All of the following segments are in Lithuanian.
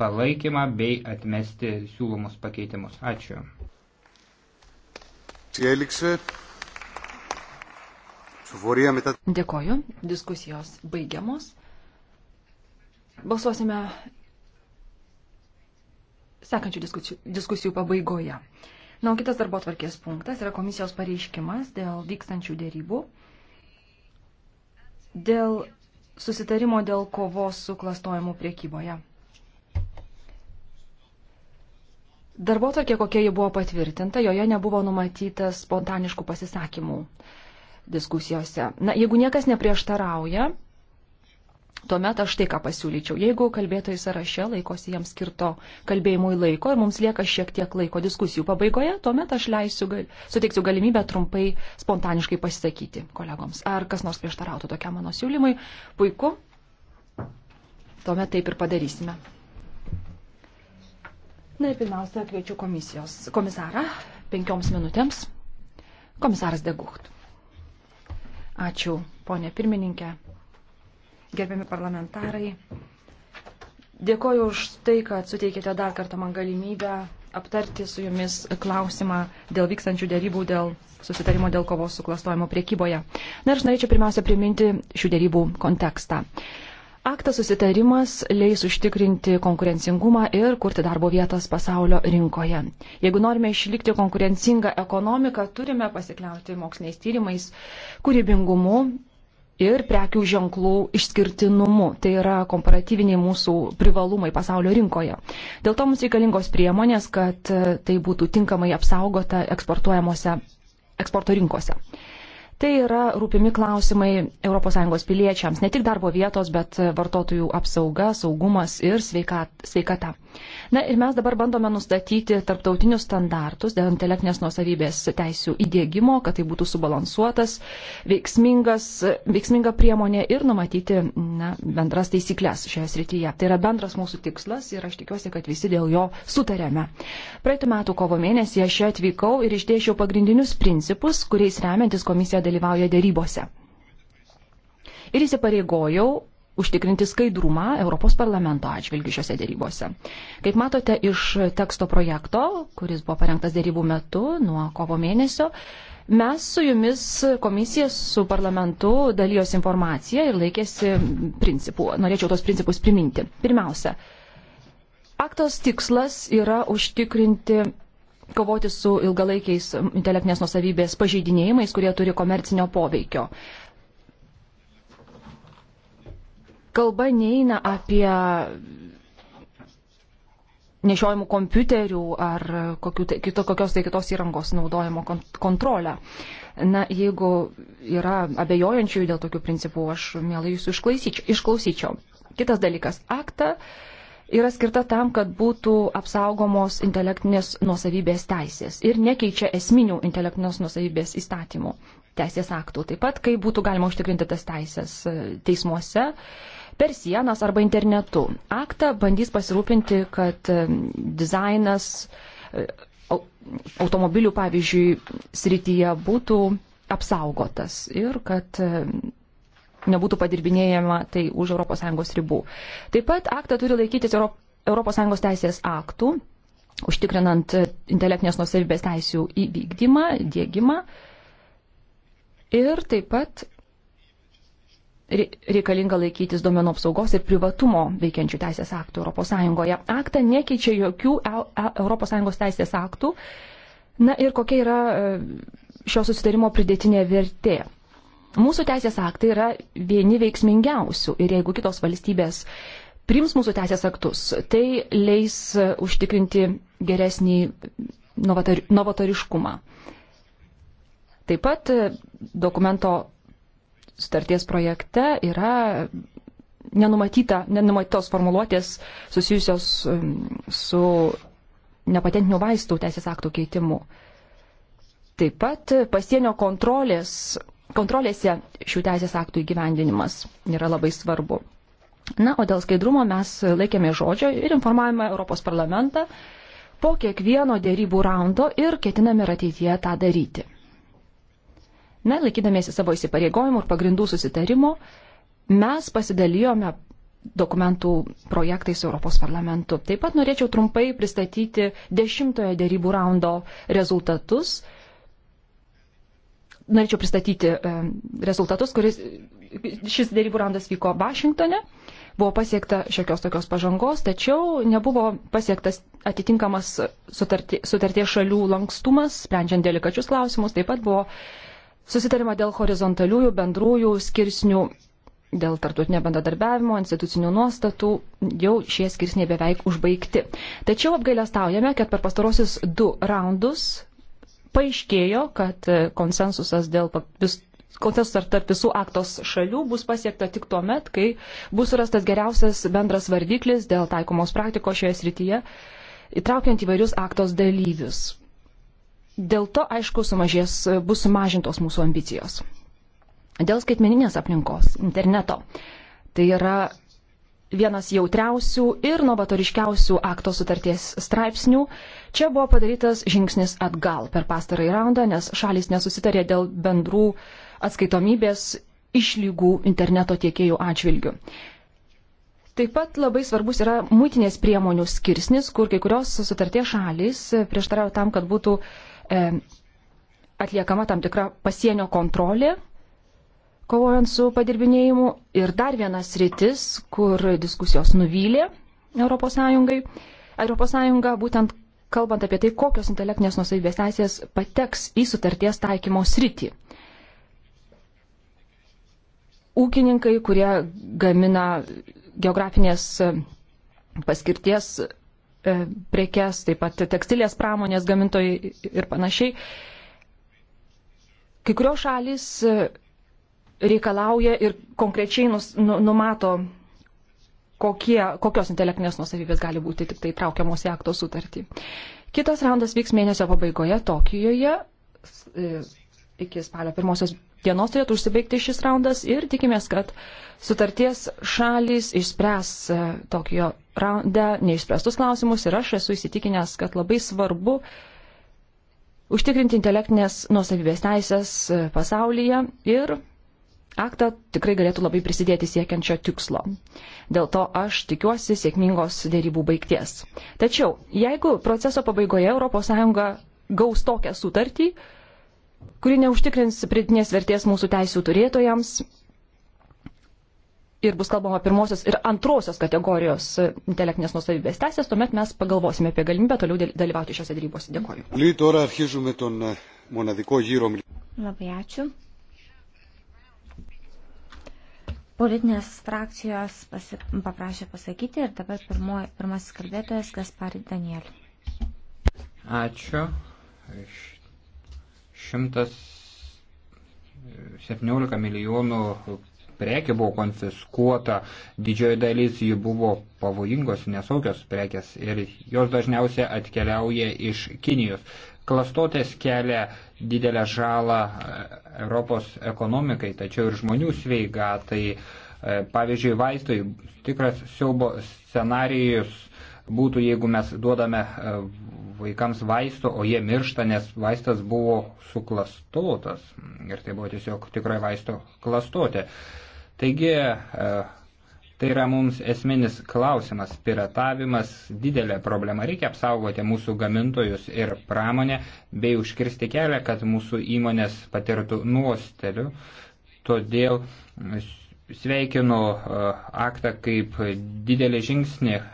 palaikymą bei atmesti siūlomus pakeitimus. Ačiū. Dėkoju. Diskusijos baigiamos. Balsuosime sekančių diskusijų, diskusijų pabaigoje. Na, o kitas darbo tvarkės punktas yra komisijos pareiškimas dėl vykstančių dėrybų, dėl susitarimo dėl kovos su klastojimu priekyboje. Darbo tokia, kokia ji buvo patvirtinta, joje nebuvo numatyta spontaniškų pasisakymų diskusijose. Na, jeigu niekas neprieštarauja, tuomet aš tai ką pasiūlyčiau. Jeigu kalbėtojai sąraše laikosi jiems skirto kalbėjimui laiko ir mums lieka šiek tiek laiko diskusijų pabaigoje, tuomet aš leisiu, gal, suteiksiu galimybę trumpai spontaniškai pasisakyti kolegoms. Ar kas nors prieštarautų tokiam mano siūlymui? Puiku. Tuomet taip ir padarysime. Na ir pirmiausia, kviečiu komisijos komisarą penkioms minutėms. Komisaras Degucht. Ačiū, ponė pirmininkė, gerbiami parlamentarai. Dėkoju už tai, kad suteikėte dar kartą man galimybę aptarti su jumis klausimą dėl vykstančių dėrybų dėl susitarimo dėl kovos su klastojimo priekyboje. Na ir aš norėčiau pirmiausia priminti šių dėrybų kontekstą. Aktas susitarimas leis užtikrinti konkurencingumą ir kurti darbo vietas pasaulio rinkoje. Jeigu norime išlikti konkurencingą ekonomiką, turime pasikliauti moksliniais tyrimais, kūrybingumu ir prekių ženklų išskirtinumu. Tai yra komparatyviniai mūsų privalumai pasaulio rinkoje. Dėl to mums reikalingos priemonės, kad tai būtų tinkamai apsaugota eksportuojamose eksporto rinkose. Tai yra rūpimi klausimai ES piliečiams, ne tik darbo vietos, bet vartotojų apsauga, saugumas ir sveikata. Na ir mes dabar bandome nustatyti tarptautinius standartus dėl intelektinės nuosavybės teisų įdėgymo, kad tai būtų subalansuotas, veiksminga priemonė ir numatyti na, bendras taisyklės šioje srityje. Tai yra bendras mūsų tikslas ir aš tikiuosi, kad visi dėl jo sutarėme. Praeitų metų kovo mėnesį aš čia atvykau ir išdėšiau pagrindinius principus, kuriais remiantis komisija dalyvauja dėrybose. Ir įsipareigojau užtikrinti skaidrumą Europos parlamento atžvilgių šiuose dėrybose. Kaip matote iš teksto projekto, kuris buvo parengtas dėrybų metu nuo kovo mėnesio, mes su jumis komisija su parlamentu dalijos informaciją ir laikėsi principų. Norėčiau tos principus priminti. Pirmiausia, aktos tikslas yra užtikrinti kovoti su ilgalaikiais intelektinės nusavybės pažeidinėjimais, kurie turi komercinio poveikio. kalba neina apie nešiojimų kompiuterių ar tai, kito, kokios tai kitos įrangos naudojimo kontrolę. Na, jeigu yra abejojančiųjų dėl tokių principų, aš mielai jūsų išklausyčiau. Kitas dalykas - aktą yra skirta tam, kad būtų apsaugomos intelektinės nuosavybės teisės ir nekeičia esminių intelektinės nuosavybės įstatymų teisės aktų. Taip pat, kaip būtų galima užtikrinti tas teisės e, teismuose, per sienas arba internetu. Akta bandys pasirūpinti, kad dizainas e, automobilių, pavyzdžiui, srityje būtų apsaugotas ir kad nebūtų padirbinėjama tai už ES ribų. Taip pat aktą turi laikytis ES teisės aktų, užtikrinant e, intelektinės nusavybės teisų įvykdymą, dėgymą ir taip pat reikalinga laikytis duomenų apsaugos ir privatumo veikiančių teisės aktų ES. Aktą nekeičia jokių ES e, teisės aktų. Na ir kokia yra e, šio susitarimo pridėtinė vertė? Mūsų teisės aktai yra vieni veiksmingiausių ir jeigu kitos valstybės priims mūsų teisės aktus, tai leis e, užtikrinti geresnį novatoriškumą. Taip pat dokumento sutarties projekte yra nenumatyta, nenumatytos formuluotės susijusios um, su nepatentinių vaistų teisės aktų keitimu. Taip pat pasienio kontrolės, kontrolėse šių teisės aktų įgyvendinimas yra labai svarbu. Na, o dėl skaidrumo mes laikėme žodžio ir informavome Europos parlamentą po kiekvieno dėrybų raundo ir ketiname ir ateityje tą daryti. Na, laikydamiesi savo įsipareigojimų ir pagrindų susitarimo, mes pasidalijome dokumentų projektais Europos parlamentu. Taip pat norėčiau trumpai pristatyti dešimtojo dėrybų raundo rezultatus. Norėčiau pristatyti e, rezultatus, kuris šis dėrybų raundas vyko Vašingtone. Buvo pasiekta šiokios tokios pažangos, tačiau nebuvo pasiektas atitinkamas sutarties šalių lankstumas, sprendžiant delikačius klausimus. Taip pat buvo uh, susitarimą dėl horizontaliųjų bendrųjų skirsnių, dėl tartutinio bendradarbiavimo, institucinių nuostatų, jau šie skirsniai beveik užbaigti. Tačiau apgailestaujame, kad per pastarosius du raundus paaiškėjo, kad konsensusas dėl vis, konsensusas tarp visų aktos šalių bus pasiekta tik tuo met, kai bus surastas geriausias bendras vardiklis dėl taikomos praktikos šioje srityje, įtraukiant įvairius aktos dalyvius. Dėl to, aišku, sumažės, bus sumažintos mūsų ambicijos. Dėl skaitmeninės aplinkos, interneto. Tai yra vienas jautriausių ir novatoriškiausių akto sutarties straipsnių. Čia buvo padarytas žingsnis atgal per pastarąjį raundą, nes šalis nesusitarė dėl bendrų atskaitomybės išlygų interneto tiekėjų atžvilgių. Taip pat labai svarbus yra mūtinės priemonių skirsnis, kur kai kurios sutarties šalis prieštarauja tam, kad būtų uh, E, atliekama tam tikra pasienio kontrolė, kovojant su padirbinėjimu. Ir dar vienas rytis, kur diskusijos nuvylė ES, ES būtent kalbant apie tai, kokios intelektinės nusavybės teisės pateks į sutarties taikymo sritį. Ūkininkai, kurie gamina geografinės paskirties E, prekes, taip pat tekstilės pramonės gamintojai ir panašiai. Kai kurios šalis e, reikalauja ir konkrečiai nus, nu, numato, kokie, kokios intelektinės nusavybės gali būti tik tai traukiamos į akto sutartį. Kitas raundas vyks mėnesio pabaigoje Tokijoje e, iki spalio pirmosios dienos turėtų užsibaigti šis raundas ir tikimės, kad sutarties šalys išspręs e, Tokijo raunde neišspręstus klausimus ir aš esu įsitikinęs, kad labai svarbu užtikrinti intelektinės nuosavybės teisės e, pasaulyje ir aktą tikrai galėtų labai prisidėti siekiančio tikslo. Dėl to aš tikiuosi sėkmingos dėrybų baigties. Tačiau, jeigu proceso pabaigoje ES gaus tokią sutartį, kuri neužtikrins pridinės vertės mūsų teisų turėtojams. Ir bus kalbama pirmosios ir antrosios kategorijos intelektinės nusavybės teisės, tuomet mes pagalvosime apie galimybę toliau dalyvauti šiuose darybose. Dėkoju. Eh, Labai ačiū. Politinės frakcijos pasi, paprašė pasakyti ir dabar pirmo, pirmasis kalbėtojas Gasparį Danielį. Ačiū. Iš 117 milijonų prekė buvo konfiskuota, didžioji dalis jų buvo pavojingos, nesaugios prekės ir jos dažniausiai atkeliauja iš Kinijos. Klastotės kelia didelę žalą e, Europos ekonomikai, tačiau ir žmonių sveigatai. E, pavyzdžiui, vaistai tikras siaubo scenarijus būtų, jeigu mes duodame e, vaikams vaisto, o jie miršta, nes vaistas buvo suklastotas. Ir tai buvo tiesiog tikrai vaisto klastotė. Taigi, e, tai yra mums esminis klausimas. Piratavimas didelė problema. Reikia apsaugoti mūsų gamintojus ir pramonę, bei užkirsti kelią, kad mūsų įmonės patirtų nuostelių. Todėl sveikinu e, aktą kaip didelį žingsnį e,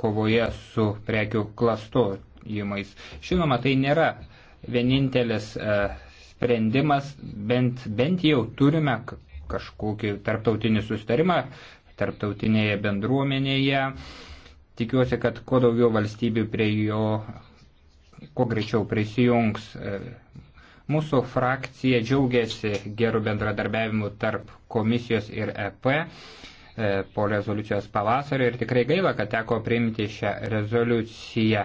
kovoje su prekių klastojimais. Žinoma, tai nėra vienintelis e, sprendimas, bent, bent jau turime kažkokį tarptautinį sustarimą tarptautinėje bendruomenėje. Tikiuosi, kad kuo daugiau valstybių prie jo, kuo greičiau prisijungs. Mūsų frakcija džiaugiasi gerų bendradarbiavimų tarp komisijos ir EP e, po rezoliucijos pavasario ir tikrai gaila, kad teko priimti šią rezoliuciją.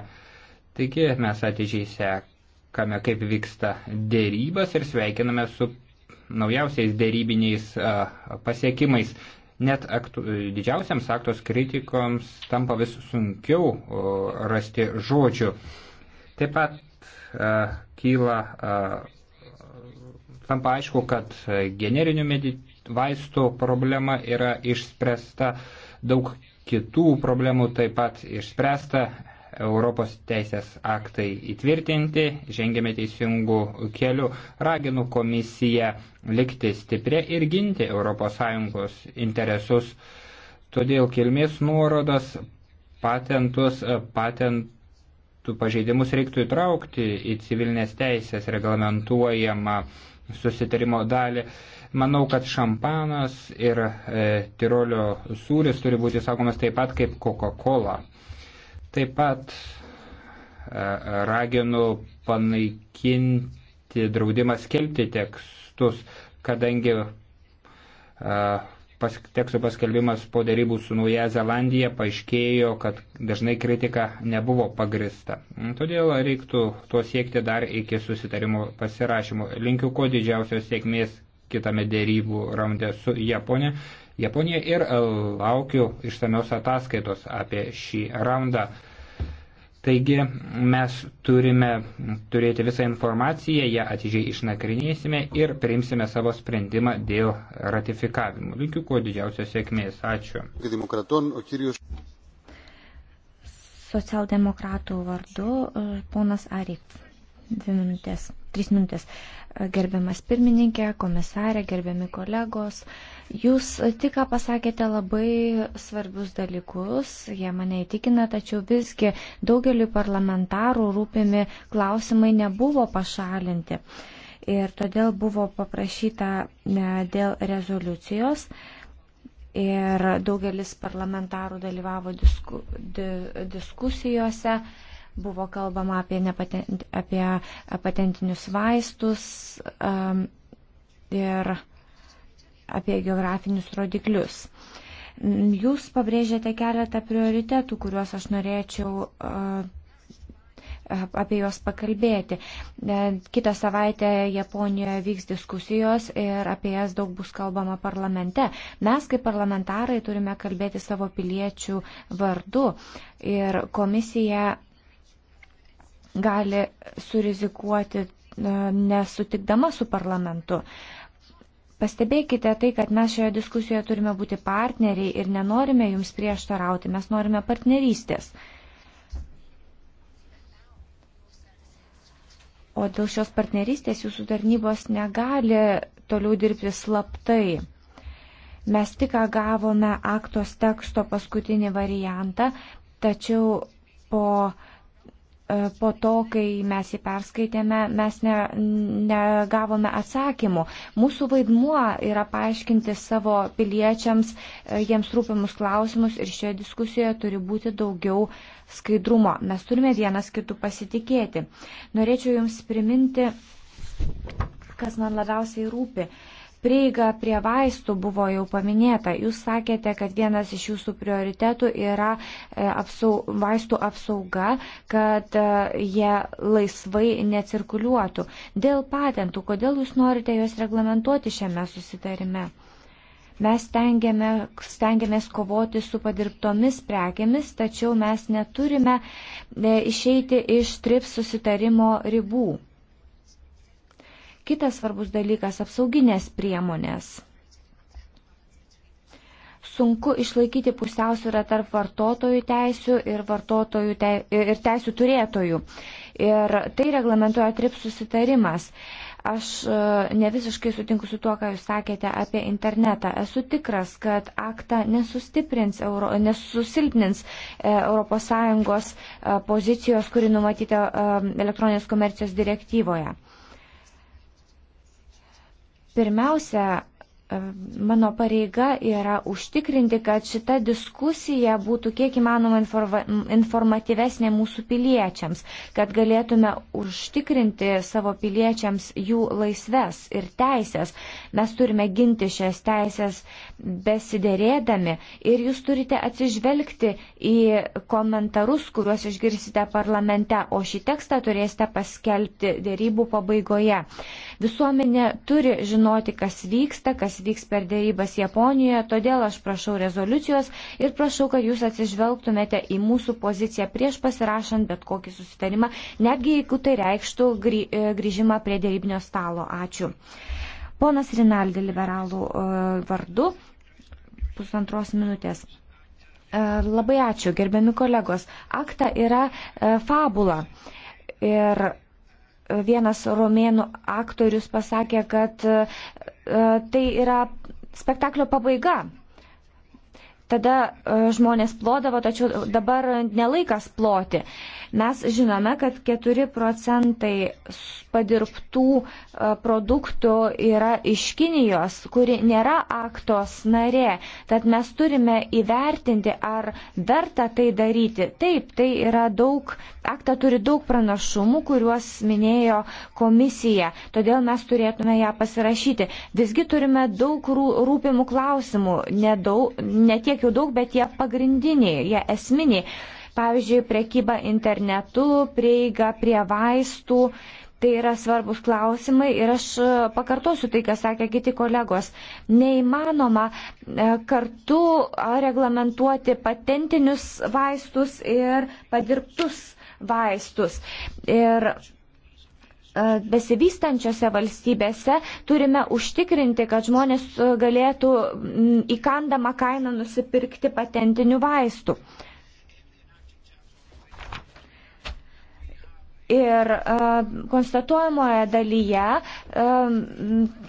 Taigi mes atidžiai sekame, kaip vyksta dėrybas ir sveikiname su naujausiais dėrybiniais e, pasiekimais. Net aktu, didžiausiams aktos kritikoms tampa vis sunkiau rasti žodžių. Taip pat e, kyla tampa aišku, kad generinių vaistų problema yra išspręsta, daug kitų problemų taip pat išspręsta, Europos teisės aktai įtvirtinti, žengėme teisingų kelių, raginu komisiją likti stiprė ir ginti ES interesus. Todėl kilmės nuorodas, patentus, patentų pažeidimus reiktų įtraukti į civilinės teisės reglamentuojamą susitarimo dalį. Manau, kad šampanas ir e, tirolio sūris turi būti sakomas taip pat kaip Coca-Cola. Taip pat e, raginu panaikinti draudimą skelbti tekstus, kadangi e, pas, teksto paskelbimas po darybų su Nauja Zelandija paaiškėjo, kad dažnai kritika nebuvo pagrista. Todėl reiktų to siekti dar iki susitarimo pasirašymo. Linkiu kuo didžiausios sėkmės kitame dėrybų raunde su Japonija. Japonija ir laukiu išsamios ataskaitos apie šį raundą. Taigi mes turime turėti visą informaciją, ją atidžiai išnagrinėsime ir priimsime savo sprendimą dėl ratifikavimo. Linkiu kuo didžiausios sėkmės. Ačiū. Socialdemokratų vardu e, ponas Arik. Dvi minutės, trys minutės. E, gerbiamas pirmininkė, komisarė, gerbiami kolegos. Uh, Jūs tik ką pasakėte labai svarbius dalykus, jie mane įtikina, tačiau visgi daugeliu parlamentarų rūpimi klausimai nebuvo pašalinti. Ir todėl buvo paprašyta e, dėl rezoliucijos. Ir daugelis parlamentarų dalyvavo disku, di, diskusijose, buvo kalbama apie, nepatent, apie patentinius vaistus. Um, ir, uh, apie geografinius rodiklius. Jūs pabrėžėte keletą prioritetų, kuriuos aš norėčiau uh, apie juos pakalbėti. E, kitą savaitę Japonijoje vyks diskusijos ir apie jas daug bus kalbama parlamente. Mes kaip parlamentarai turime kalbėti savo piliečių vardu ir komisija gali surizikuoti e, nesutikdama su parlamentu. Uh, Pastebėkite tai, kad mes šioje diskusijoje turime būti partneriai ir nenorime jums prieštarauti, mes norime partnerystės. O dėl šios partnerystės jūsų tarnybos negali toliau dirbti slaptai. Mes tik gavome aktos teksto paskutinį variantą, tačiau po uh, po to, kai mes jį perskaitėme, mes ne, negavome atsakymų. Mūsų vaidmuo yra paaiškinti savo piliečiams e, jiems rūpimus klausimus ir šioje diskusijoje turi būti daugiau skaidrumo. Mes turime vienas kitų pasitikėti. Norėčiau Jums priminti, kas man labiausiai rūpi. Uh, Prieiga prie vaistų buvo jau paminėta. Jūs sakėte, kad vienas iš jūsų prioritetų yra e, apsau, vaistų apsauga, kad e, jie laisvai necirkuliuotų. Dėl patentų, kodėl jūs norite juos reglamentuoti šiame susitarime? Mes stengiame, stengiamės kovoti su padirbtomis prekėmis, tačiau mes neturime e, išeiti iš trips susitarimo ribų. Kitas svarbus dalykas - apsauginės priemonės. Sunku išlaikyti pusiausvyrą tarp vartotojų teisių ir, vartotojų tei, ir teisių turėtojų. Ir tai reglamentoja TRIP susitarimas aš e, ne visiškai sutinku su tuo, ką jūs sakėte apie internetą. Esu tikras, kad aktą nesustiprins, Euro, nesusilpnins ES e, pozicijos, kuri numatyta e, elektroninės komercijos direktyvoje. Pirmiausia, e, mano pareiga yra užtikrinti, kad šita diskusija būtų kiek įmanoma informatyvesnė mūsų piliečiams, kad galėtume užtikrinti savo piliečiams jų laisves ir teisės. Mes turime ginti šias teisės besidėrėdami ir jūs turite atsižvelgti į komentarus, kuriuos išgirsite parlamente, o šį tekstą turėsite paskelbti dėrybų pabaigoje. Visuomenė turi žinoti, kas vyksta, kas vyks per dėrybas Japonijoje, todėl aš prašau rezoliucijos ir prašau, kad jūs atsižvelgtumėte į mūsų poziciją prieš pasirašant bet kokį susitarimą, netgi jeigu tai reikštų e, grįžimą prie dėrybinio stalo. Ačiū. Ponas Rinaldi liberalų e, vardu, pusantros minutės. E, labai ačiū, gerbiami kolegos. Akta yra fabula. Ir vienas romėnų aktorius pasakė, kad e, tai yra spektaklio pabaiga. Tada e, žmonės plodavo, tačiau dabar nelaikas ploti. Mes žinome, kad 4 procentai padirbtų e, produktų yra iš Kinijos, kuri nėra aktos narė. Tad mes turime įvertinti, ar verta tai daryti. Taip, tai yra daug, akta turi daug pranašumų, kuriuos minėjo komisija. Todėl mes turėtume ją pasirašyti. Visgi turime daug rūpimų klausimų. Nedaug, ne tiek jau daug, bet jie pagrindiniai, jie esminiai. Pavyzdžiui, prekyba internetu, prieiga prie vaistų. Tai yra svarbus klausimai ir aš e, pakartosiu tai, ką sakė kiti kolegos. Neįmanoma e, kartu reglamentuoti patentinius vaistus ir padirbtus vaistus. Ir e, besivystančiose valstybėse turime užtikrinti, kad žmonės galėtų įkandamą kainą nusipirkti patentinių vaistų. Ir uh, konstatuojamoje dalyje uh,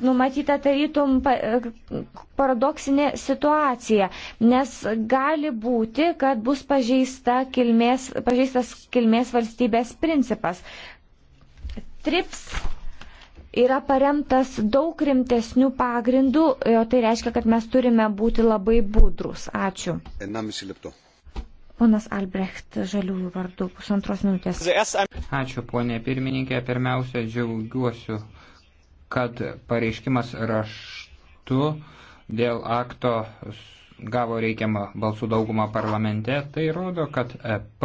numatyta tarytum pa, uh, paradoksinė situacija, nes gali būti, kad bus pažeista kilmės, pažeistas kilmės valstybės principas. TRIPS yra paremtas daug rimtesnių pagrindų, o tai reiškia, kad mes turime būti labai budrus. Ačiū. Ponas Albrecht Žaliųjų vardu, pusantros minutės. Ačiū, ponė pirmininkė. Pirmiausia, džiaugiuosiu, kad pareiškimas raštu dėl akto gavo reikiamą balsų daugumą parlamente. Tai rodo, kad EP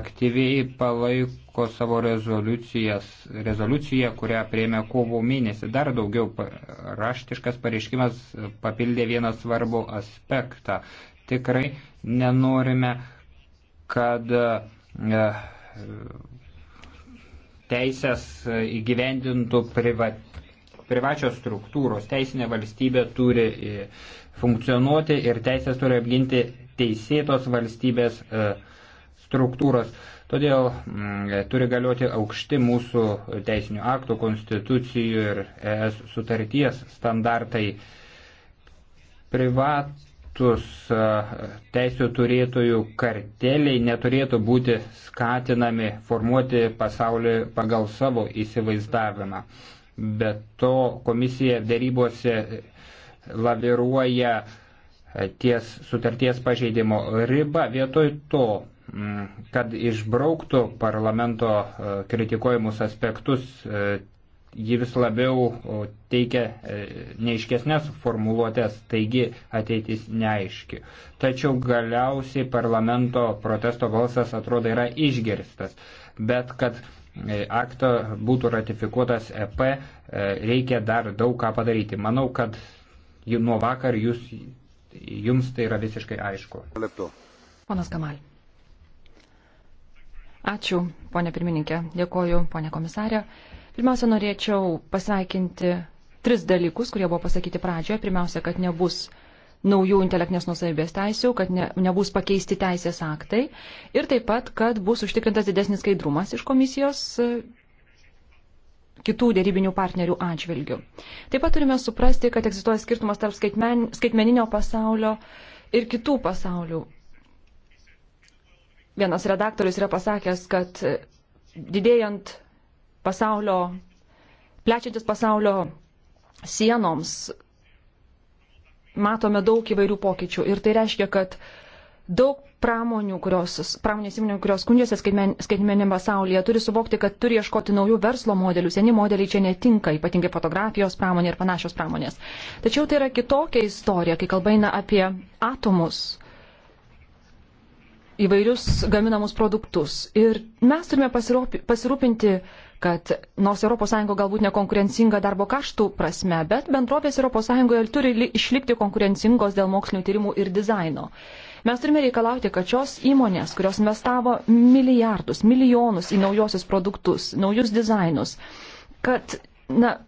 aktyviai palaiko savo rezoliuciją, kurią prieimė kovo mėnesį. Dar daugiau raštiškas pareiškimas papildė vieną svarbų aspektą. Tikrai nenorime, kad e, teisės įgyvendintų privat, privačios struktūros. Teisinė valstybė turi e, funkcionuoti ir teisės turi apginti teisėtos valstybės e, struktūros. Todėl m, mm, turi galioti aukšti mūsų teisinių aktų, konstitucijų ir ES sutarties standartai. Privat vietos teisų turėtojų karteliai neturėtų būti skatinami formuoti pasaulį pagal savo įsivaizdavimą. Be to komisija dėrybose laviruoja ties sutarties pažeidimo riba vietoj to, kad išbrauktų parlamento kritikuojimus aspektus ji vis labiau teikia e, neiškesnės formuluotės, taigi ateitis neaiški. Tačiau galiausiai parlamento protesto balsas atrodo yra išgirstas, bet kad e, akto būtų ratifikuotas EP, e, reikia dar daug ką padaryti. Manau, kad nuo vakar jūs, jums tai yra visiškai aišku. Ponas Kamal. Ačiū, ponė pirmininkė. Dėkoju, ponė komisarė. Pirmiausia, norėčiau pasveikinti tris dalykus, kurie buvo pasakyti pradžioje. Pirmiausia, kad nebus naujų intelektinės nusavybės teisių, kad ne, nebus pakeisti teisės aktai ir taip pat, kad bus užtikrintas didesnis skaidrumas iš komisijos e, kitų dėrybinių partnerių atžvilgių. Taip pat turime suprasti, kad egzistuoja skirtumas tarp skaitmen, skaitmeninio pasaulio ir kitų pasaulių. Vienas redaktorius yra pasakęs, kad e, didėjant pasaulio, plečiantis pasaulio sienoms, matome daug įvairių pokyčių. Ir tai reiškia, kad daug pramonių, kurios, pramonės įmonių, kurios skundžiasi skaitmeniniam pasaulyje, turi suvokti, kad turi ieškoti naujų verslo modelių. Seni modeliai čia netinka, ypatingai fotografijos pramonė ir panašios pramonės. Tačiau tai yra kitokia istorija, kai kalba eina apie atomus įvairius gaminamus produktus. Ir mes turime pasirūpinti kad nors ES galbūt nekonkurencinga darbo kaštų prasme, bet bendrovės ES turi išlikti konkurencingos dėl mokslinio tyrimų ir dizaino. Mes turime reikalauti, kad šios įmonės, kurios investavo milijardus, milijonus į naujosius produktus, naujus dizainus, kad, na,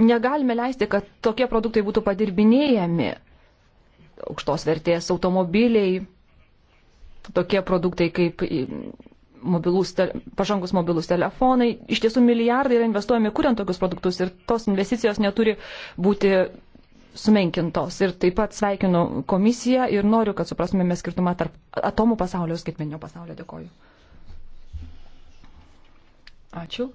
negalime leisti, kad tokie produktai būtų padirbinėjami. Aukštos vertės automobiliai, tokie produktai kaip mobilus te, pažangus mobilus telefonai. Iš tiesų milijardai yra investuojami kuriant tokius produktus ir tos investicijos neturi būti sumenkintos. Ir taip pat sveikinu komisiją ir noriu, kad suprastumėme skirtumą tarp atomų pasaulio ir skaitmeninio pasaulio. Dėkoju. Ačiū.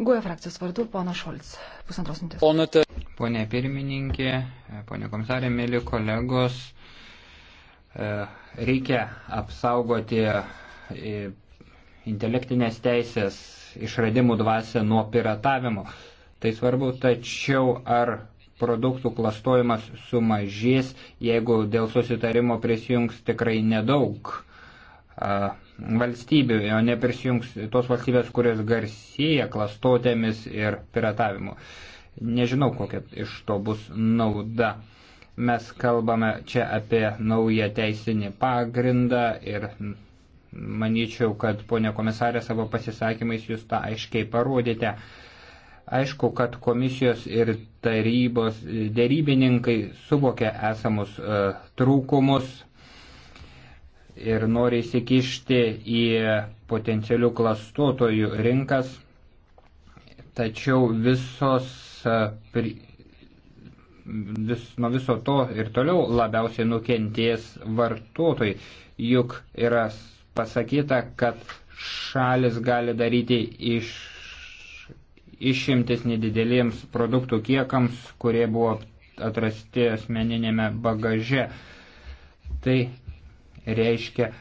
Guoja frakcijos vardu, pana Šolc. Pusantros minutės. Pone pirmininkė, pone komisarė, mėly kolegos, e, reikia apsaugoti intelektinės teisės išradimų dvasę nuo piratavimo. Tai svarbu, tačiau ar produktų klastojimas sumažės, jeigu dėl susitarimo prisijungs tikrai nedaug valstybių, o ne prisijungs tos valstybės, kurios garsėja klastotėmis ir piratavimu. Nežinau, kokia iš to bus nauda. Mes kalbame čia apie naują teisinį pagrindą ir Manyčiau, kad ponė komisarė savo pasisakymais jūs tą aiškiai parodėte. Aišku, kad komisijos ir tarybos e, dėrybininkai suvokia esamus e, trūkumus ir nori įsikišti į potencialių klastotojų rinkas, tačiau visos e, vis, nuo viso to ir toliau labiausiai nukentės vartotojai, juk yra pasakyta, kad šalis gali daryti iš, išimtis nedideliems produktų kiekams, kurie buvo atrasti asmeninėme bagaže. Tai reiškia,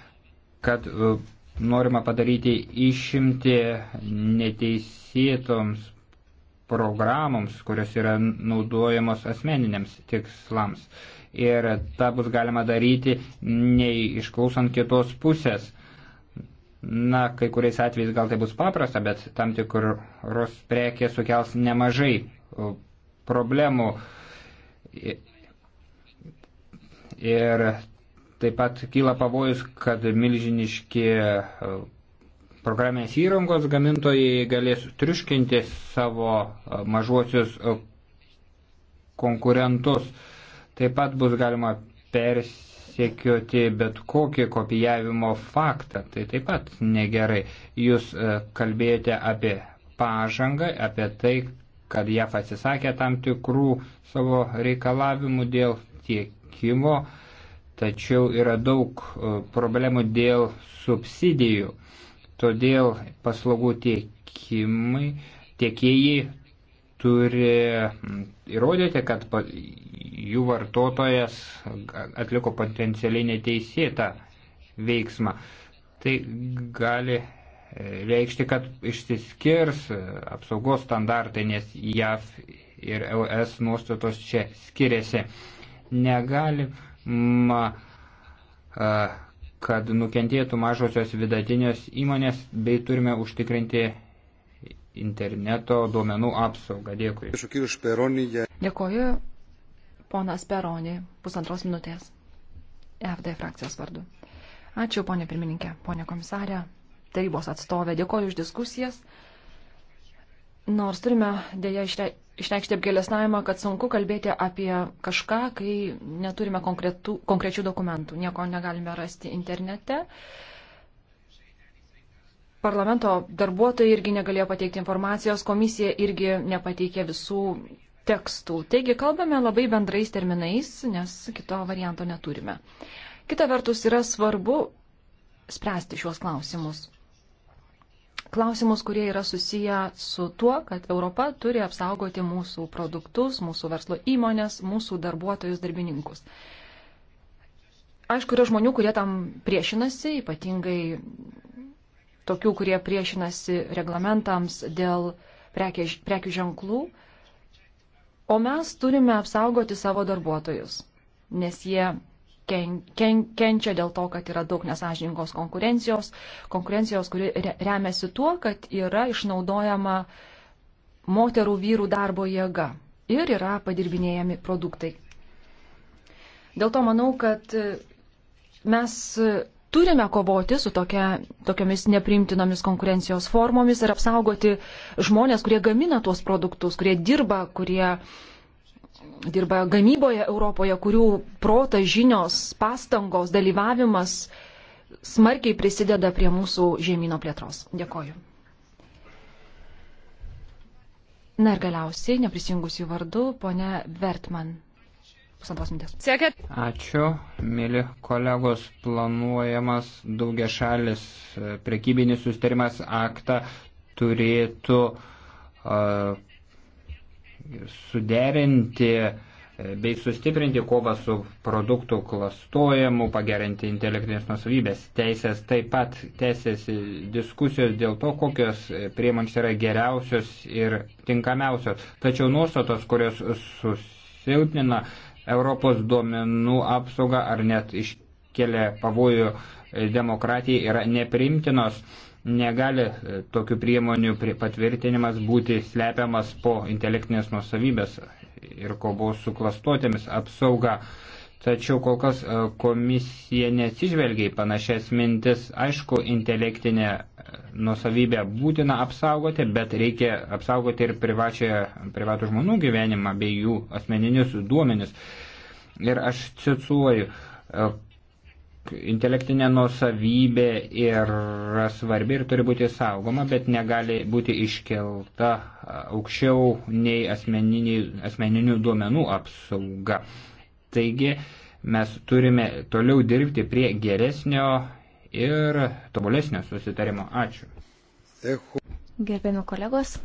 kad e, norima padaryti išimti neteisėtoms programoms, kurios yra naudojamos asmeniniams tikslams. Ir tą bus galima daryti nei išklausant kitos pusės. Na, kai kuriais atvejais gal tai bus paprasta, bet tam tikros prekės sukels nemažai problemų. Ir taip pat kyla pavojus, kad milžiniški programinės įrangos gamintojai galės triuškinti savo mažuosius konkurentus. Taip pat bus galima persi persekioti bet kokį kopijavimo faktą. Tai taip pat negerai. Jūs e, kalbėjote apie pažangą, apie tai, kad JAF atsisakė tam tikrų savo reikalavimų dėl tiekimo, tačiau yra daug e, problemų dėl subsidijų. Todėl paslaugų tiekimai, tiekėjai turi įrodyti, kad jų vartotojas atliko potencialiai neteisėtą veiksmą. Tai gali e, reikšti, kad išsiskirs e, apsaugos standartai, nes JAV ir ES nuostatos čia skiriasi. Negalima, e, kad nukentėtų mažosios vidatinės įmonės, bei turime užtikrinti interneto duomenų apsaugą. Dėkui. Dėkoju, ponas Peronį, pusantros minutės. FD frakcijos vardu. Ačiū, ponė pirmininkė, ponė komisarė, tarybos atstovė. Dėkoju už diskusijas. Nors turime dėja išreikšti apgėlesnavimą, kad sunku kalbėti apie kažką, kai neturime konkretų, konkrečių dokumentų, nieko negalime rasti internete. Uh, parlamento darbuotojai irgi negalėjo pateikti informacijos, komisija irgi nepateikė visų tekstų. Taigi kalbame labai bendrais terminais, nes kito varianto neturime. Kita vertus yra svarbu spręsti šiuos klausimus. Klausimus, kurie yra susiję su tuo, kad Europa turi apsaugoti mūsų produktus, mūsų verslo įmonės, mūsų darbuotojus, darbininkus aišku, yra žmonių, kurie tam priešinasi, ypatingai tokių, kurie priešinasi reglamentams dėl prekė, prekių ženklų, o mes turime apsaugoti savo darbuotojus, nes jie ken, ken, kenčia dėl to, kad yra daug nesažininkos konkurencijos, konkurencijos, kuri remiasi tuo, kad yra išnaudojama moterų vyrų darbo jėga ir yra padirbinėjami produktai. Dėl to manau, kad mes turime kovoti su tokia, tokiamis neprimtinomis konkurencijos formomis ir apsaugoti žmonės, kurie gamina tuos produktus, kurie dirba, kurie dirba gamyboje Europoje, kurių protas, žinios, pastangos, dalyvavimas smarkiai prisideda prie mūsų žemynų plėtros. Dėkoju. Na ir galiausiai, neprisijungusių vardų, ponia Vertman pusantros minutės. Sėkit. Ačiū, mėly kolegos, planuojamas daugia šalis e, prekybinis sustarimas aktą turėtų uh, suderinti e, bei sustiprinti kovą su produktų klastojimu, pagerinti intelektinės nusavybės teisės. Taip pat tęsiasi diskusijos dėl to, kokios priemonės yra geriausios ir tinkamiausios. Tačiau nuostatos, kurios susilpnina uh, Europos duomenų apsaugą ar net iškelia pavojų demokratijai yra neprimtinos. Negali e, tokių priemonių patvirtinimas būti slepiamas po intelektinės nusavybės ir kovos su klastotėmis apsauga tačiau kol kas e, komisija neatsižvelgia į panašias mintis. Aišku, intelektinė e, nusavybė būtina apsaugoti, bet reikia apsaugoti ir privatų žmonių gyvenimą bei jų asmeninius duomenis. Ir aš cituoju, e, intelektinė nusavybė yra svarbi ir turi būti saugoma, bet negali būti iškelta aukščiau nei asmeninių duomenų apsauga. Taigi mes turime toliau dirbti prie geresnio ir tobulesnio susitarimo. Ačiū. Gerbėmi kolegos.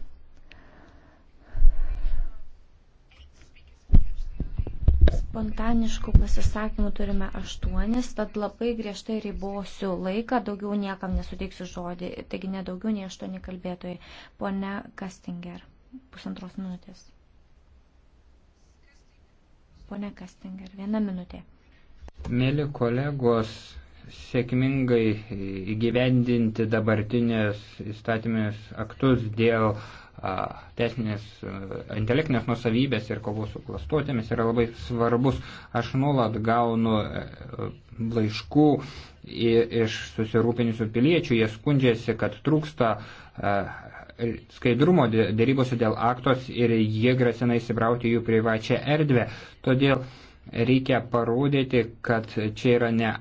Spontaniškų pasisakymų turime aštuonis, tad labai griežtai ribosiu laiką, daugiau niekam nesuteiksiu žodį, taigi nedaugiau nei aštuoni kalbėtojai. Pone Kastinger, pusantros minutės. Pone Kastinger, viena minutė. Mėly kolegos, sėkmingai įgyvendinti dabartinės įstatymės aktus dėl teisinės intelektinės nusavybės ir kovos su klastotėmis yra labai svarbus. Aš nuolat gaunu e, laiškų iš susirūpinusių piliečių, jie skundžiasi, kad trūksta skaidrumo dėrybose dėl aktos ir jie grasina įsibrauti jų privačią erdvę. Todėl reikia parodyti, kad čia yra ne,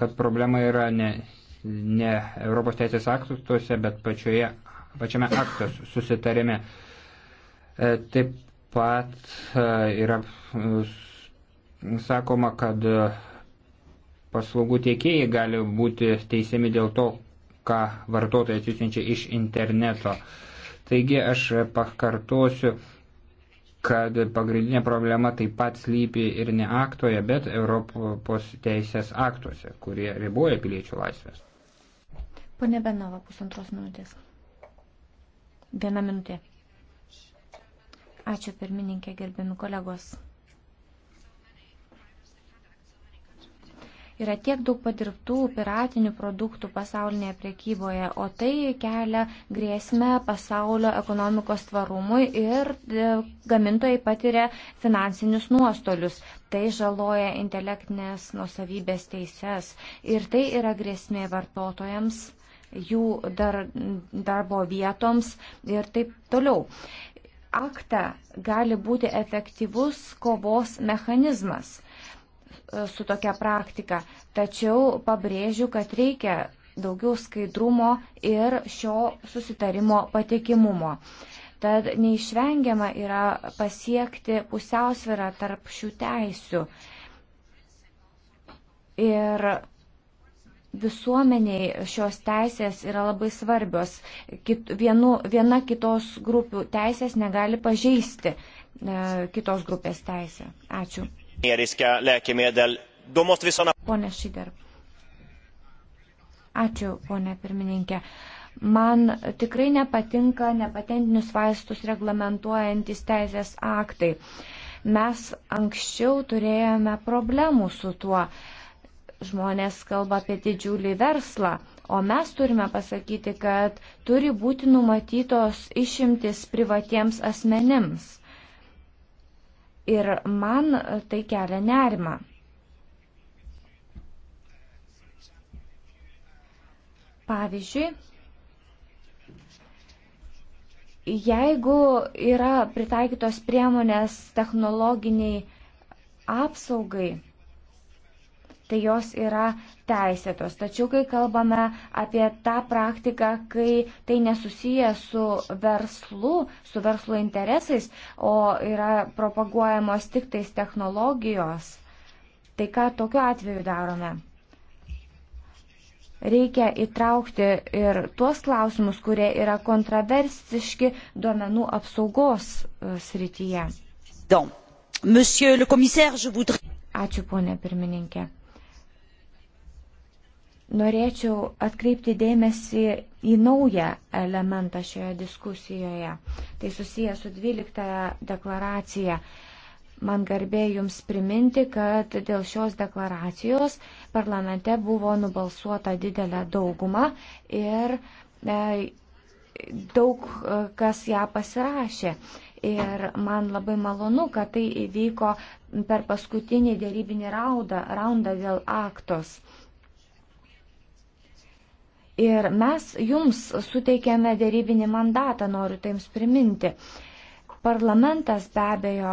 kad problema yra ne, ne Europos teisės aktuose, bet pačioje, pačiame aktos susitarime. E, taip pat e, yra e, sakoma, kad paslaugų tiekėjai gali būti teisiami dėl to, ką vartotojai atsiunčia iš interneto. Taigi aš pakartosiu, kad pagrindinė problema taip pat slypi ir ne aktoje, bet Europos teisės aktuose, kurie riboja piliečių laisvės. Pane Benova, pusantros minutės. Viena minutė. Ačiū pirmininkė, gerbiami kolegos. Yra tiek daug padirbtų piratinių produktų pasaulinėje priekyboje, o tai kelia grėsmę pasaulio ekonomikos tvarumui ir e, gamintojai patiria finansinius nuostolius. Tai žaloja intelektinės nusavybės teises ir tai yra grėsmė vartotojams jų dar, darbo vietoms ir taip toliau. Akta gali būti efektyvus kovos mechanizmas E, su tokia praktika, tačiau pabrėžiu, kad reikia daugiau skaidrumo ir šio susitarimo patikimumo. Tad neišvengiama yra pasiekti pusiausvirą tarp šių teisių. Ir visuomeniai šios teisės yra labai svarbios. Kit, vienu, viena kitos grupių teisės negali pažeisti e, kitos grupės teisę. Ačiū. Pone Šider. Ačiū, ponė pirmininkė. Man tikrai nepatinka nepatentinius vaistus reglamentuojantis teisės aktai. Mes anksčiau turėjome problemų su tuo. Žmonės kalba apie didžiulį verslą, o mes turime pasakyti, kad turi būti numatytos išimtis privatiems asmenims Ir man tai kelia nerima. Pavyzdžiui, jeigu yra pritaikytos priemonės technologiniai apsaugai, tai jos yra teisėtos. Tačiau, kai kalbame apie tą praktiką, kai tai nesusiję su verslu, su verslo interesais, o yra propaguojamos tik tais technologijos, tai ką tokiu atveju darome? Reikia įtraukti ir tuos klausimus, kurie yra kontroversiški duomenų apsaugos e, srityje. Ačiū, ponė pirmininkė norėčiau atkreipti dėmesį į naują elementą šioje diskusijoje. Tai susiję su 12 deklaracija. Man garbė Jums priminti, kad dėl šios deklaracijos parlamente buvo nubalsuota didelė dauguma ir e, daug e, kas ją pasirašė. Ir man labai malonu, kad tai įvyko per paskutinį dėrybinį raundą, raundą dėl aktos. E, Ir mes jums suteikėme dėrybinį mandatą, noriu tai jums priminti. Parlamentas be abejo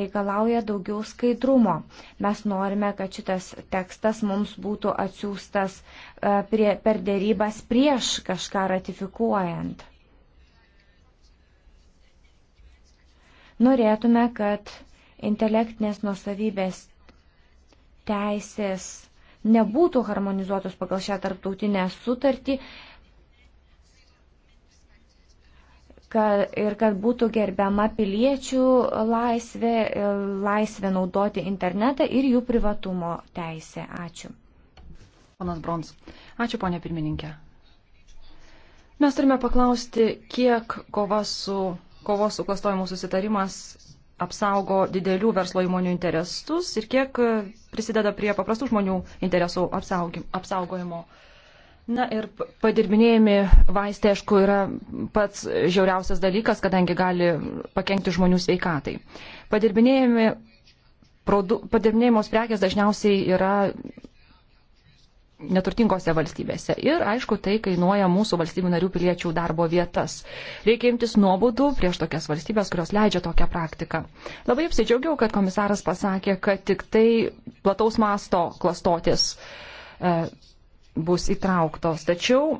reikalauja daugiau skaidrumo. Mes norime, kad šitas tekstas mums būtų atsiųstas e, prie, per dėrybas prieš kažką ratifikuojant. Norėtume, kad intelektinės nusavybės teisės nebūtų harmonizuotos pagal šią tarptautinę sutartį kad, ir kad būtų gerbiama piliečių laisvė, laisvė naudoti internetą ir jų privatumo teisė. Ačiū. Ponas Brons. Ačiū, ponė pirmininkė. Mes turime paklausti, kiek kova su, kovos su klastojimu susitarimas apsaugo didelių verslo įmonių interesus ir kiek e, prisideda prie paprastų žmonių interesų apsaugojimo. Na ir padirbinėjami vaistai, aišku, yra pats žiauriausias dalykas, kadangi gali pakengti žmonių sveikatai. Padirbinėjami, produ, padirbinėjimos prekės dažniausiai yra neturtingose valstybėse. Ir aišku, tai kainuoja mūsų valstybių narių piliečių darbo vietas. Reikia imtis nuobodų prieš tokias valstybės, kurios leidžia tokią praktiką. Labai apsidžiaugiau, kad komisaras pasakė, kad tik tai plataus masto klastotis e, bus įtrauktos. Tačiau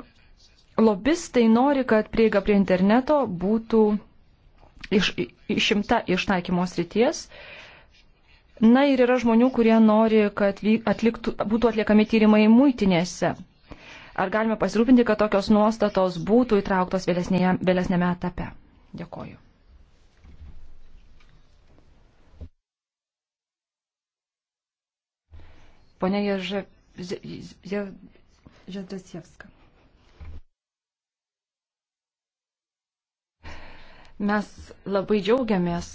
lobistai nori, kad prieiga prie interneto būtų iš, išimta iš taikymos ryties. E, Na ir yra žmonių, kurie nori, kad atliktų, būtų atliekami tyrimai muitinėse. Ar galime pasirūpinti, kad tokios nuostatos būtų įtrauktos vėlesnėme etape? Dėkoju. Pone Ježė... Je... Žedasievska. Mes labai džiaugiamės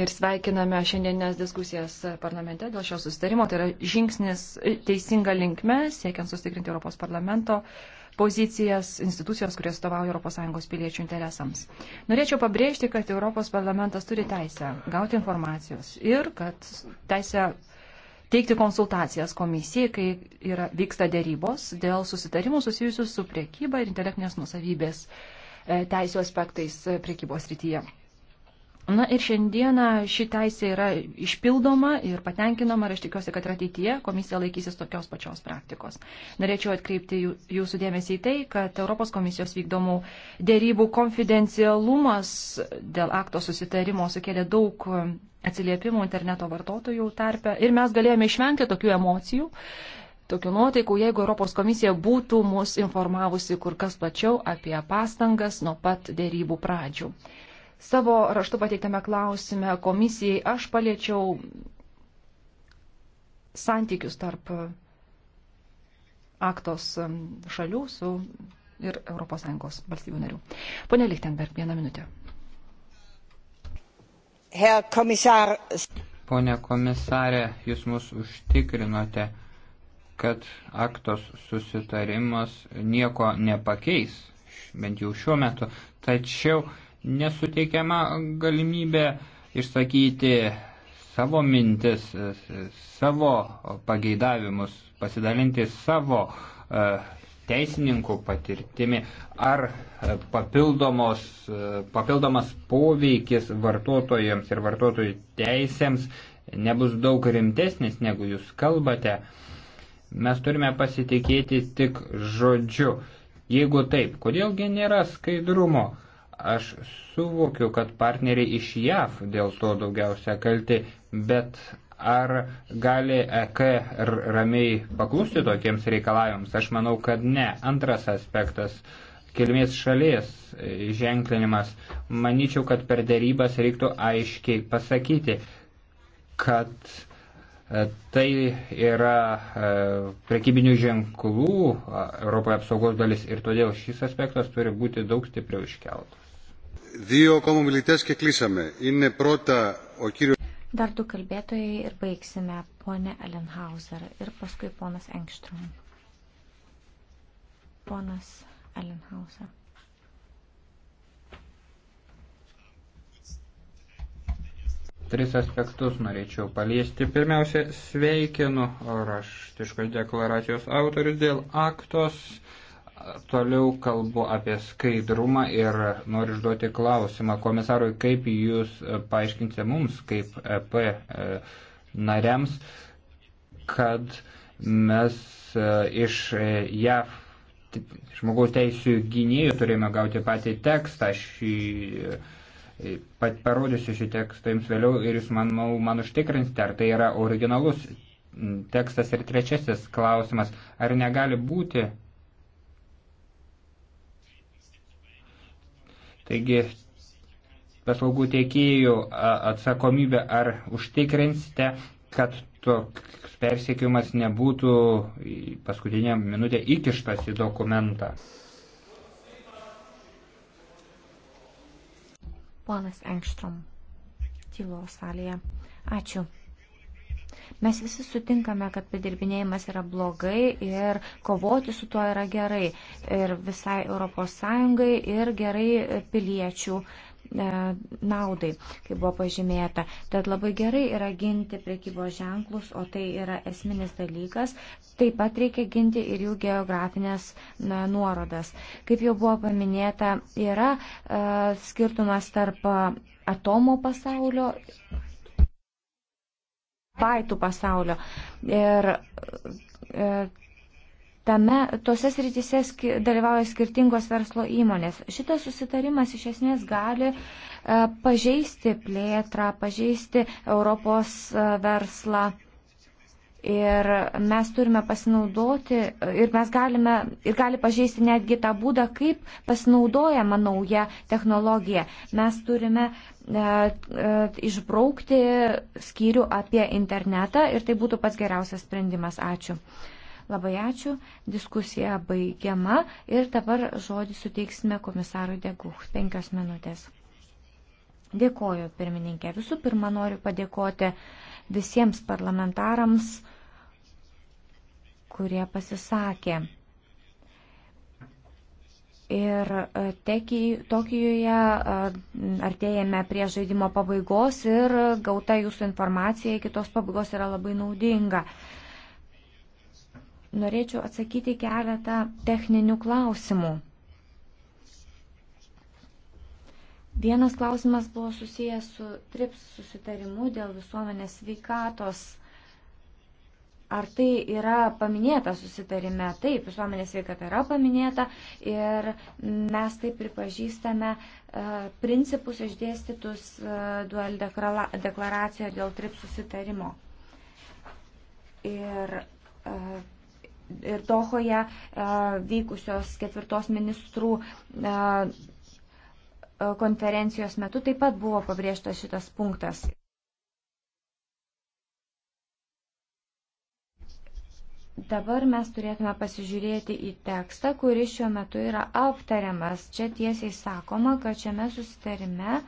Ir sveikiname šiandienės diskusijas parlamente dėl šio sustarimo. Tai yra žingsnis teisinga linkme, siekiant sustikrinti Europos parlamento pozicijas institucijos, kurie stovauja ES piliečių interesams. Norėčiau pabrėžti, kad Europos parlamentas turi teisę gauti informacijos ir kad teisę teikti konsultacijas komisijai, kai yra, vyksta dėrybos dėl susitarimų susijusių su priekyba ir intelektinės nusavybės e, teisų aspektais e, priekybos rytyje. Na ir šiandieną ši teisė yra išpildoma ir patenkinama ir aš tikiuosi, kad ateityje komisija laikysis tokios pačios praktikos. Norėčiau atkreipti jūsų dėmesį į tai, kad Europos komisijos vykdomų dėrybų konfidencialumas dėl akto susitarimo sukėlė daug atsiliepimų interneto vartotojų tarpe ir mes galėjome išvengti tokių emocijų. Tokių nuotaikų, jeigu Europos komisija būtų mus informavusi kur kas plačiau apie pastangas nuo pat dėrybų pradžių. Savo raštu pateiktame klausime komisijai aš paliečiau santykius tarp aktos šalių su ir ES valstybių narių. Pone Lichtenberg, vieną minutę. Herr komisar. Pone komisarė, jūs mus užtikrinote, kad aktos susitarimas nieko nepakeis, bent jau šiuo metu. Tačiau nesuteikiama galimybė išsakyti savo mintis, savo pageidavimus, pasidalinti savo e, teisininkų patirtimi, ar e, papildomos, e, papildomas poveikis vartotojams ir vartotojų teisėms nebus daug rimtesnis, negu jūs kalbate. Mes turime pasitikėti tik žodžiu. Jeigu taip, kodėlgi nėra skaidrumo? Aš suvokiu, kad partneriai iš JAV dėl to daugiausia kalti, bet ar gali EK ramiai paklusti tokiems reikalavimams? Aš manau, kad ne. Antras aspektas - kilmės šalies ženklinimas. Manyčiau, kad per dėrybas reiktų aiškiai pasakyti, kad e, Tai yra e, prekybinių ženklų Europoje apsaugos dalis ir todėl šis aspektas turi būti daug stipriau iškeltas. Δύο ακόμα μιλitės και κλείσαμε. Είναι πρώτα ο κύριος... Dar du kalbėtojai ir baigsime, ponė Ellenhauser ir paskui ponas Engstrom. Ponas Ellenhauser. Tris aspektus norėčiau paliesti. Pirmiausia, sveikinu raštiškos deklaracijos autorius dėl aktos Toliau kalbu apie skaidrumą ir noriu išduoti klausimą komisarui, kaip jūs paaiškinsite mums, kaip EP e, nariams, kad mes e, iš e, JAV žmogaus teisų gynėjų turėjome gauti patį tekstą. Šį, pat parodysiu šį tekstą jums vėliau ir jūs man, man užtikrinsite, ar tai yra originalus tekstas ir trečiasis klausimas, ar negali būti Taigi paslaugų teikėjų atsakomybė ar užtikrinsite, kad toks persiekimas nebūtų paskutinę minutę įkištas į dokumentą. Ponas Engstrom, tylo salėje. Ačiū. Mes visi sutinkame, kad padirbinėjimas yra blogai ir kovoti su tuo yra gerai ir visai ES ir gerai piliečių e, naudai, kaip buvo pažymėta. Tad labai gerai yra ginti priekybos ženklus, o tai yra esminis dalykas. Taip pat reikia ginti ir jų geografinės na, nuorodas. Kaip jau buvo paminėta, yra uh, skirtumas tarp atomo pasaulio paitų pasaulio. Ir, ir e, tame, tose srityse skir, dalyvauja skirtingos verslo įmonės. Šitas susitarimas iš esmės gali e, pažeisti plėtrą, pažeisti Europos e, verslą. Ir mes turime pasinaudoti ir mes galime ir gali pažeisti netgi tą būdą, kaip pasinaudojama nauja technologija. Mes turime E, e, išbraukti skyrių apie internetą ir tai būtų pats geriausias sprendimas. Ačiū. Labai ačiū. Diskusija baigiama ir dabar žodį suteiksime komisarui Deguch. Penkios minutės. Dėkoju, pirmininkė. Visų pirma, noriu padėkoti visiems parlamentarams, kurie pasisakė. Ir e, Tokijoje e, artėjame prie žaidimo pabaigos ir gauta jūsų informacija iki tos pabaigos yra labai naudinga. Norėčiau atsakyti keletą techninių klausimų. Vienas klausimas buvo susijęs su TRIPS susitarimu dėl visuomenės veikatos Ar tai yra paminėta susitarime? Taip, visuomenės sveikata yra paminėta ir mes taip pripažįstame e, principus išdėstytus e, dual deklaracijoje dėl trip susitarimo. Ir e, ir Dohoje vykusios ketvirtos ministrų konferencijos metu taip pat buvo pabrėžtas šitas punktas. Dabar mes turėtume pasižiūrėti į tekstą, kuris šiuo metu yra aptariamas. Čia tiesiai sakoma, kad šiame susitarime e,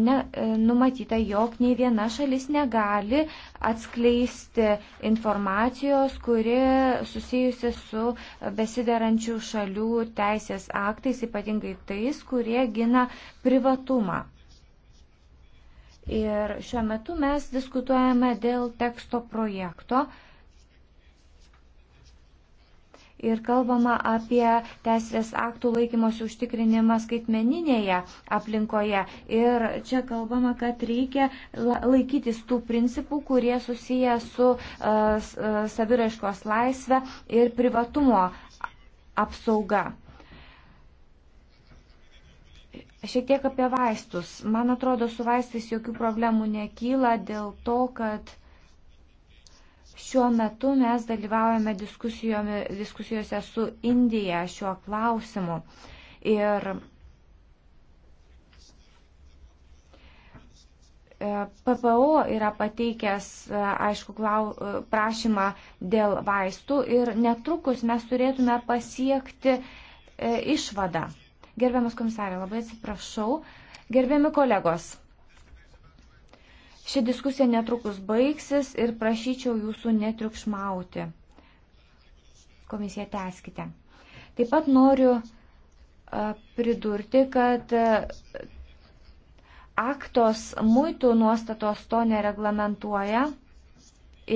ne, e, numatyta, jog nei viena šalis negali atskleisti informacijos, kuri susijusi su besiderančių šalių teisės aktais, ypatingai tais, kurie gina privatumą. Ir šiuo metu mes diskutuojame dėl teksto projekto ir kalbama apie teisės aktų laikymosi užtikrinimą skaitmeninėje aplinkoje. Ir čia kalbama, kad reikia laikytis tų principų, kurie susiję su uh, saviraiškos laisvė ir privatumo apsauga. Šiek tiek apie vaistus. Man atrodo, su vaistais jokių problemų nekyla dėl to, kad Šiuo metu mes dalyvaujame diskusijose su Indija šiuo klausimu. Ir e, PPO yra pateikęs, e, aišku, klau, e, prašymą dėl vaistų ir netrukus mes turėtume pasiekti e, išvadą. Gerbiamas komisarė, labai atsiprašau. Gerbiami kolegos, Ši diskusija netrukus baigsis ir prašyčiau jūsų netriukšmauti. Komisija teskite. Taip pat noriu pridurti, kad aktos muitų nuostatos to nereglamentuoja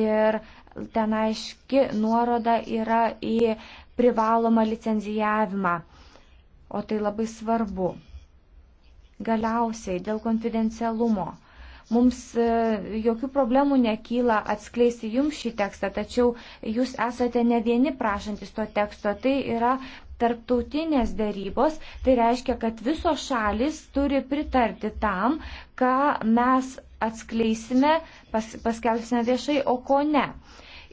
ir ten aiški nuoroda yra į privalomą licenzijavimą, o tai labai svarbu. Galiausiai dėl konfidencialumo. Mums e, jokių problemų nekyla atskleisti jums šį tekstą, tačiau jūs esate ne vieni prašantis to teksto. Tai yra tarptautinės dėrybos, tai reiškia, kad visos šalis turi pritarti tam, ką mes atskleisime, pas, paskelbsime viešai, o ko ne.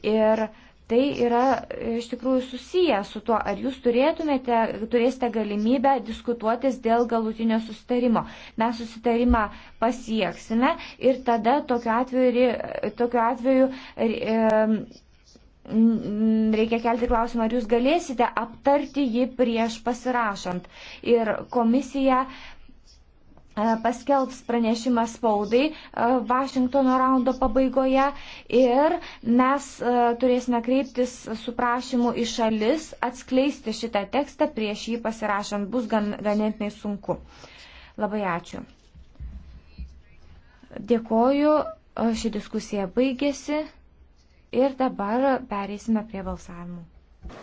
Ir uh, tai yra e, iš tikrųjų susiję su tuo, ar jūs turėtumėte, turėsite galimybę diskutuotis dėl galutinio susitarimo. Mes susitarimą pasieksime ir tada tokiu atveju, tokiu atveju reikia kelti klausimą, ar jūs galėsite aptarti jį prieš pasirašant. Ir komisija uh, E, paskelbs pranešimą spaudai e, Vašingtono raundo pabaigoje ir mes e, turėsime kreiptis su prašymu į šalis atskleisti šitą tekstą prieš jį pasirašant. Bus gan ganėtinai sunku. Labai ačiū. Dėkoju, ši diskusija baigėsi ir dabar pereisime prie balsavimų.